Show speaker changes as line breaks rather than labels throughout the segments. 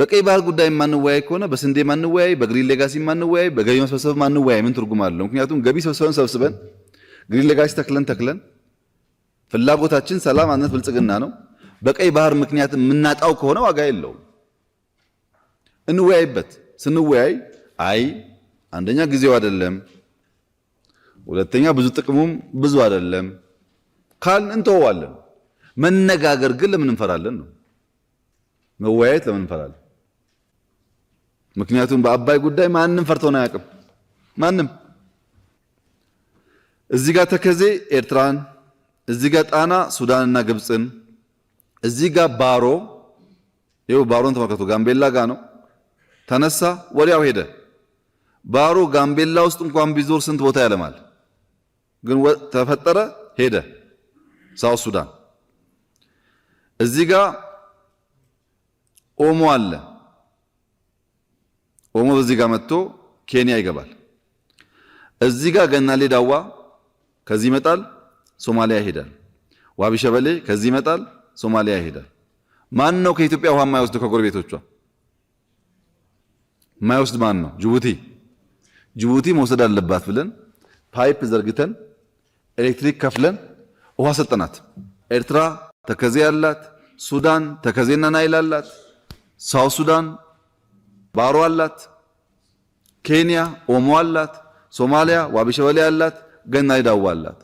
በቀይ ባህር ጉዳይ የማንወያይ ከሆነ በስንዴ ማንወያይ፣ በግሪን ሌጋሲ ማንወያይ፣ በገቢ መሰብሰብ ማንወያይ ምን ትርጉም አለው? ምክንያቱም ገቢ ሰብስበን ሰብስበን ግሪን ሌጋሲ ተክለን ተክለን ፍላጎታችን ሰላም፣ አንድነት፣ ብልጽግና ነው። በቀይ ባህር ምክንያት የምናጣው ከሆነ ዋጋ የለውም። እንወያይበት። ስንወያይ አይ አንደኛ ጊዜው አይደለም፣ ሁለተኛ ብዙ ጥቅሙም ብዙ አይደለም ካልን እንተወዋለን። መነጋገር ግን ለምን እንፈራለን ነው። መወያየት ለምን እንፈራለን? ምክንያቱም በአባይ ጉዳይ ማንም ፈርቶን አያውቅም። ማንም እዚህ ጋር ተከዜ ኤርትራን፣ እዚህ ጋር ጣና ሱዳንና ግብፅን፣ እዚህ ጋር ባሮ ይው ባሮን ተመልከቱ። ጋምቤላ ጋ ነው ተነሳ፣ ወዲያው ሄደ። ባሮ ጋምቤላ ውስጥ እንኳን ቢዞር ስንት ቦታ ያለማል፣ ግን ተፈጠረ፣ ሄደ ሳውት ሱዳን። እዚህ ጋር ኦሞ አለ ኦሞ በዚህ ጋር መጥቶ ኬንያ ይገባል። እዚህ ጋር ገናሌ ዳዋ ከዚህ ይመጣል፣ ሶማሊያ ይሄዳል። ዋቢ ሸበሌ ከዚህ ይመጣል፣ ሶማሊያ ይሄዳል። ማን ነው ከኢትዮጵያ ውሃ የማይወስድ ከጎረቤቶቿ የማይወስድ ማን ነው? ጅቡቲ። ጅቡቲ መውሰድ አለባት ብለን ፓይፕ ዘርግተን ኤሌክትሪክ ከፍለን ውሃ ሰጠናት። ኤርትራ ተከዜ አላት፣ ሱዳን ተከዜና ናይል አላት፣ ሳውት ሱዳን ባሮ አላት፣ ኬንያ ኦሞ አላት፣ ሶማሊያ ዋቢሸበሌ አላት፣ ገና ዳዋ አላት።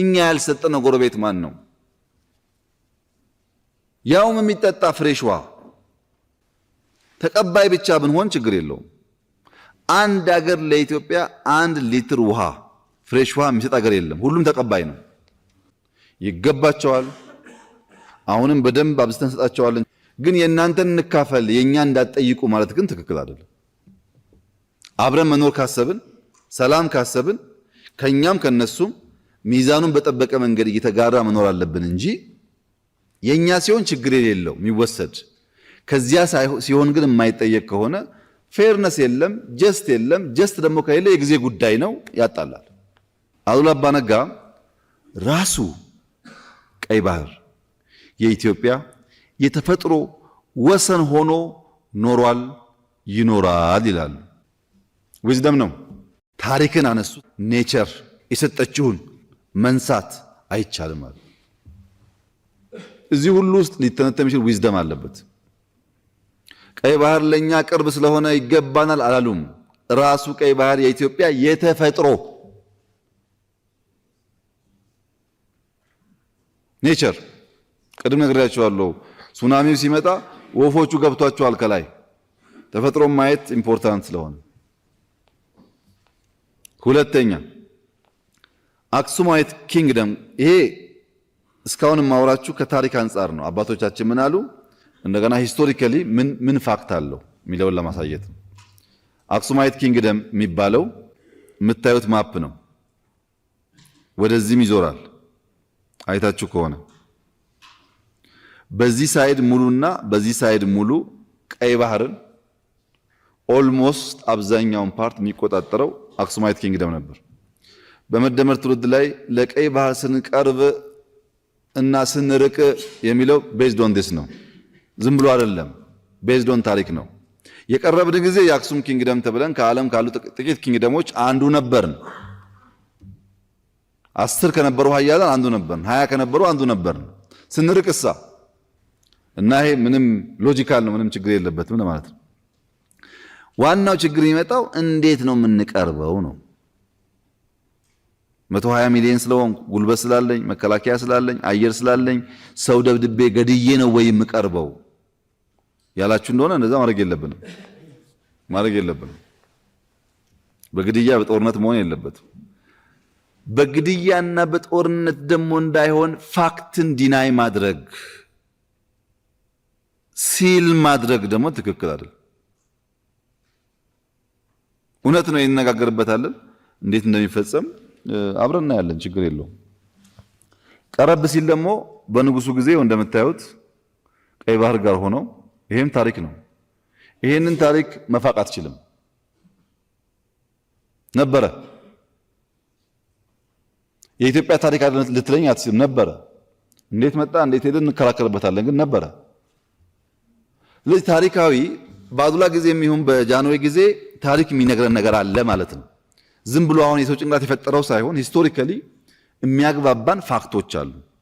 እኛ ያልሰጠነው ጎረቤት ማን ነው? ያውም የሚጠጣ ፍሬሽ ውሃ ተቀባይ ብቻ ብንሆን ችግር የለውም። አንድ አገር ለኢትዮጵያ አንድ ሊትር ውሃ ፍሬሽ ውሃ የሚሰጥ አገር የለም። ሁሉም ተቀባይ ነው፣ ይገባቸዋል። አሁንም በደንብ አብዝተን እንሰጣቸዋለን። ግን የእናንተን እንካፈል የእኛ እንዳትጠይቁ ማለት ግን ትክክል አይደለም። አብረን መኖር ካሰብን፣ ሰላም ካሰብን ከእኛም ከነሱም ሚዛኑን በጠበቀ መንገድ እየተጋራ መኖር አለብን እንጂ የእኛ ሲሆን ችግር የሌለው የሚወሰድ ከዚያ ሲሆን ግን የማይጠየቅ ከሆነ ፌርነስ የለም፣ ጀስት የለም። ጀስት ደግሞ ከሌለ የጊዜ ጉዳይ ነው፣ ያጣላል። አሉላ አባ ነጋ ራሱ ቀይ ባህር የኢትዮጵያ የተፈጥሮ ወሰን ሆኖ ኖሯል፣ ይኖራል ይላሉ። ዊዝደም ነው። ታሪክን አነሱ ኔቸር የሰጠችውን መንሳት አይቻልም አሉ። እዚህ ሁሉ ውስጥ ሊተነተ የሚችል ዊዝደም አለበት። ቀይ ባህር ለእኛ ቅርብ ስለሆነ ይገባናል አላሉም። ራሱ ቀይ ባህር የኢትዮጵያ የተፈጥሮ ኔቸር ቅድም ነግሬያቸዋለሁ። ሱናሚው ሲመጣ ወፎቹ ገብቷቸዋል ከላይ። ተፈጥሮ ማየት ኢምፖርታንት ስለሆነ፣ ሁለተኛ አክሱማይት ኪንግደም። ይሄ እስካሁን ማውራችሁ ከታሪክ አንጻር ነው። አባቶቻችን ምን አሉ፣ እንደገና ሂስቶሪካሊ ምን ምን ፋክት አለው የሚለውን ለማሳየት ነው። አክሱማይት ኪንግደም የሚባለው የምታዩት ማፕ ነው። ወደዚህም ይዞራል አይታችሁ ከሆነ በዚህ ሳይድ ሙሉና በዚህ ሳይድ ሙሉ ቀይ ባህርን ኦልሞስት አብዛኛውን ፓርት የሚቆጣጠረው አክሱማይት ኪንግደም ነበር። በመደመር ትውልድ ላይ ለቀይ ባህር ስንቀርብ እና ስንርቅ የሚለው ቤዝድ ኦን ዲስ ነው። ዝም ብሎ አይደለም፣ ቤዝድ ኦን ታሪክ ነው። የቀረብን ጊዜ የአክሱም ኪንግደም ተብለን ከዓለም ካሉ ጥቂት ኪንግደሞች አንዱ ነበርን። አስር ከነበሩ ሀያላን አንዱ ነበርን። ሀያ ከነበሩ አንዱ ነበርን። ስንርቅ እሳ እና ይሄ ምንም ሎጂካል ነው፣ ምንም ችግር የለበትም ለማለት ነው። ዋናው ችግር የሚመጣው እንዴት ነው የምንቀርበው ነው። 120 ሚሊዮን ስለሆንኩ ጉልበት ስላለኝ መከላከያ ስላለኝ አየር ስላለኝ ሰው ደብድቤ ገድዬ ነው ወይ የምቀርበው ያላችሁ እንደሆነ እንደዛ ማድረግ የለብንም ማድረግ የለብንም። በግድያ በጦርነት መሆን የለበትም። በግድያና በጦርነት ደግሞ እንዳይሆን ፋክትን ዲናይ ማድረግ ሲል ማድረግ ደግሞ ትክክል አይደል። እውነት ነው፣ ይነጋገርበታለን። እንዴት እንደሚፈጸም አብረን እናያለን። ችግር የለውም። ቀረብ ሲል ደግሞ በንጉሱ ጊዜ እንደምታዩት ቀይ ባህር ጋር ሆነው ይሄም ታሪክ ነው። ይሄንን ታሪክ መፋቅ አትችልም ነበረ። የኢትዮጵያ ታሪክ ልትለኝ አትችልም ነበረ። እንዴት መጣ እንዴት ሄደ እንከራከርበታለን፣ ግን ነበረ። ስለዚህ ታሪካዊ በአዱላ ጊዜ የሚሆን በጃንሆይ ጊዜ ታሪክ የሚነግረን ነገር አለ ማለት ነው። ዝም ብሎ አሁን የሰው ጭንቅላት የፈጠረው ሳይሆን ሂስቶሪካሊ የሚያግባባን ፋክቶች አሉ።